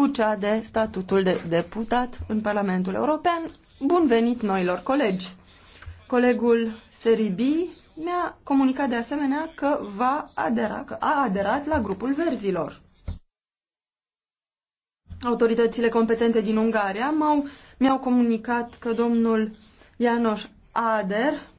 cu cea de statutul de deputat în Parlamentul European. Bun venit noilor colegi! Colegul Seribi mi-a comunicat de asemenea că va adera, că a aderat la grupul verzilor. Autoritățile competente din Ungaria m-au, mi-au comunicat că domnul Janos Ader